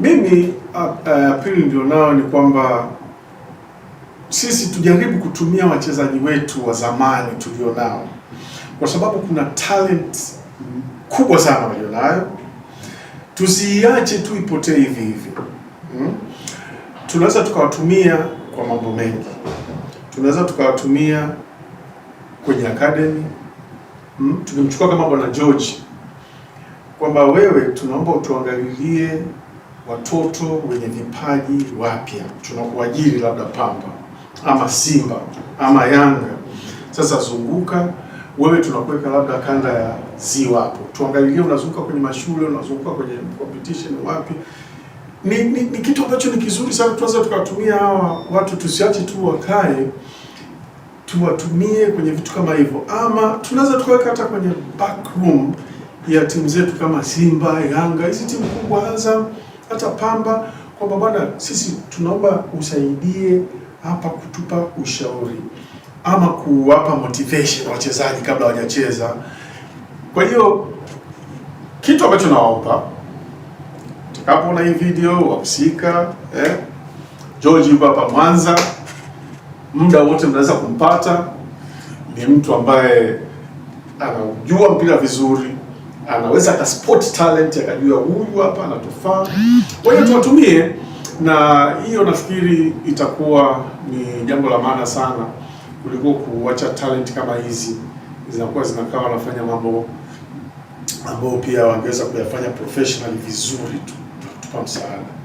Mimi uh, uh, apili ndio nao ni kwamba sisi tujaribu kutumia wachezaji wetu wa zamani tulionao, kwa sababu kuna talent kubwa sana walionayo, tusiiache tu ipotee hivi hivi hmm? Tunaweza tukawatumia kwa mambo mengi, tunaweza tukawatumia kwenye academy hmm? Tumemchukua kama bwana George kwamba wewe, tunaomba utuangalilie watoto wenye vipaji wapya, tunakuajiri labda Pamba ama Simba ama Yanga. Sasa zunguka wewe, tunakuweka labda kanda ya ziwa hapo, tuangalie unazunguka kwenye mashule, unazunguka kwenye competition wapi. Ni, ni, ni kitu ambacho ni kizuri sana, tuanze tukatumia hawa watu, tusiache tu wakae tuwatumie kwenye vitu kama hivyo, ama tunaweza tukaweka hata kwenye back room ya timu zetu kama Simba, Yanga, hizi timu kubwa Azam hata Pamba kwamba bwana, sisi tunaomba usaidie hapa kutupa ushauri ama kuwapa motivation wachezaji kabla hawajacheza. Kwa hiyo kitu ambacho nawaomba utakapoona hii video, wahusika eh, George yuko hapa Mwanza, muda wote mnaweza kumpata. Ni mtu ambaye anajua mpira vizuri anaweza akaspot talent akajua huyu hapa anatufaa. Kwa hiyo tuwatumie, na hiyo nafikiri itakuwa ni jambo la maana sana kuliko kuacha talent kama hizi zinakuwa zinakaa wanafanya mambo ambayo pia wangeweza kuyafanya professionally vizuri tu, tupa msaada.